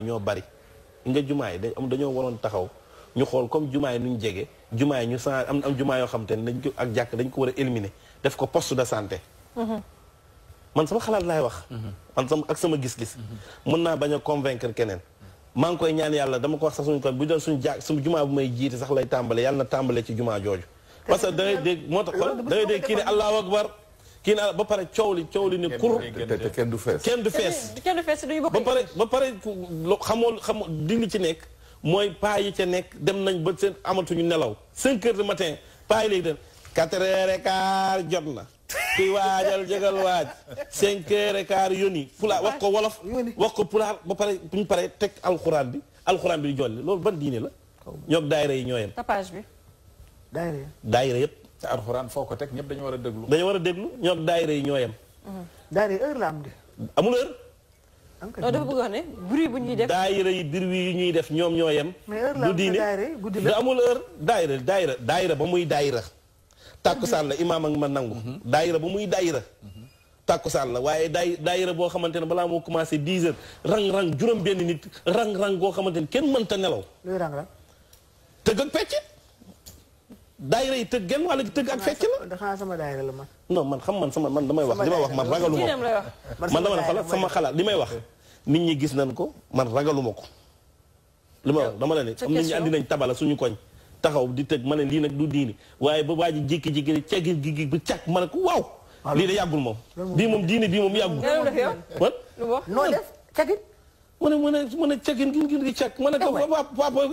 ñoo bari nga jumaa yi dañoo waroon taxaw ñu xool comme jumaa yi nuñ jege jumaa yi ñu sa am am jumaa yoo xam te ne dañ ko ak jàkk dañ ko war a éliminer def ko poste de santé mm-hmm. man sama xalaat laay wax mm-hmm. man sama ak sama gis-gis mm-hmm. mën naa bañ a convaincre keneen maa ngi koy ñaan yàlla dama ko wax sax suñu ko bu doon suñu jàkk jumaa bu may jiite sax lay tàmbale yàlla na tàmbale ci jumaa jooju parce que da ngay dégg moo tax da ngay dégg kii ne allahu akbar kii naa ba pare coow li coow li ne kur. te kenn du fees kenn du fees. kenn du fees duñu bokk ba pare ba pare xamoo xamoo di li ci nekk mooy paa yi ca nekk dem nañ ba seen amatuñu nelaw. 5 heures du matin paa yi léegi dem 4 heures et quart jot na. kuy waajal jégal waaj. 5 heures et quart yónni. pulaar wax ko wolof wax ko pulaar ba pare bu ñu paree teg alxuraan bi alxuraan bi di jolli loolu ban diine la. ñoog daayira yi ñoo yem. tapage bi daayira yëpp. te alxuraan foo ko teg ñëpp dañu war a déglu. dañu war a déglu ñoo ak yi ñoo yem. Mhm. daayira heure la am de. amul heure. non dafa bëgg a ne bruit bu ñuy def. daayira yi biir wi ñuy def ñoom ñoo yem. mais heure la am de daayira guddi la amul heure daayira daayira daayira ba muy daayira. tàkkusaan la imaam ak ma nangu. Mhm. daayira ba muy daayira. tàkkusaan la waaye daay daayira boo xamante ne balaa moo commencé 10 heures rang-rang juróom benn nit rang-rang boo xamante ne kenn mënta nelaw. luy rang tëgg ak pecc. daayira yi tëgg genn wala tëgg ak fecc la. xanaa sama daayira la man. non man xam man sama man damay wax li may wax man ragalu ma ko man dama xalaat sama li may wax. nit ñi gis nañ ko man ragalu ma ko. li ma wax dama la ne am nit ñi andi nañ tabala suñu koñ. taxaw di tëgg ma ne lii nag du diini waaye ba waa ji jékki-jékki ne càgg gi bu càgg ma ne ko waaw. lii de yàggul moom. bii moom diini bii moom yàggul. noo def càggin. mu ne mu ne mu ne càggin gi gi càgg ma ne ko. waaw waaw waaw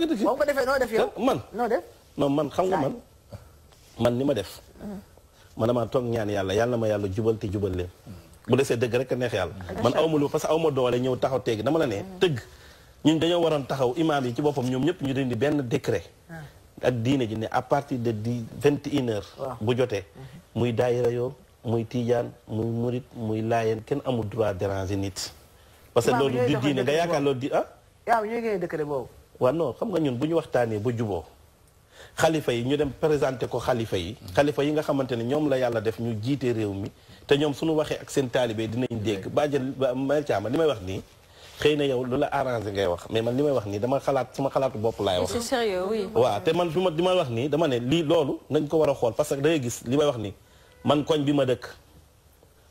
man. noo def yow. man non man xam nga man. man ni ma def. man damaa toog ñaan yàlla yàlla ma yàlla jubal te jubal leen. bu desee dëgg rek neex yàlla. man aw ma lu parce que aw ma doole ñëw taxaw teegi dama la ne mm. tëgg. ñun dañoo waroon taxaw imaam yi ci boppam ñoom ñëpp ñu dindi benn décret. Ah. ak diine ji ne à partir de di vingt et une bu jotee mm-hmm. muy daayira yoo muy tiijaan muy murit muy laayeen kenn amul droit déranger nit. parce que loolu du diine nga yaakaar loolu di ah. waaw ñooy génne décret boobu. waaw ñun bu ñu waxtaanee ba juboo xalifa yi ñu dem présenté ko xalifa yi xalifa yi nga xamante ne ñoom la yàlla def ñu jiite réew mi te ñoom suñu waxee ak seen taalibe dinañ dégg bàjjël Mayel Thiam li may wax nii xëy na yow lu la arrangé ngay wax mais man li may wax nii dama xalaat ma xalaatu bopp laay wax c'est sérieux te man fi ma li may wax nii dama ne lii loolu nañ ko war a xool parce que dangay gis li may wax nii man koñ bi ma dëkk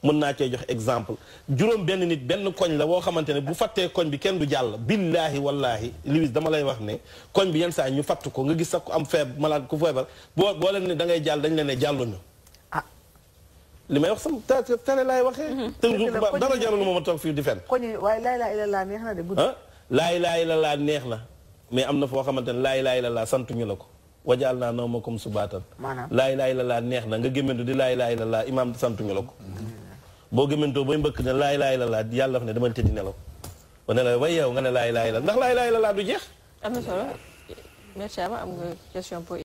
mën naa cee jox exemple juróom benn nit benn koñ la woo xamante ne bu fattee koñ bi kenn du jàll billaahi wallaahi Louis dama lay wax ne koñ bi yenn saa ñu fatt ko nga gis sa ko am feeb malade ku feebar boo boo leen ne da ngay jàll dañ leen ne jàlluñu ah li may wax sama télé laay waxee te dara jarul ma ma fii di fen koñ waaye laa ilaaha illallaah neex na laa neex na mais am na foo xamante ne laa ilaaha illallaah santuñu la ko wajaal naa noo ma comme subaatan laa la illallaah neex na nga gémmantu di laa ilaaha laa imaam santuñu la ko boo gëmantoo bay mbëkk ne laay laay la laa yàlla daf ne dama tëddi nelaw ba la way yow nga ne la ndax laay la laa du jeex. am na solo merci am nga question pour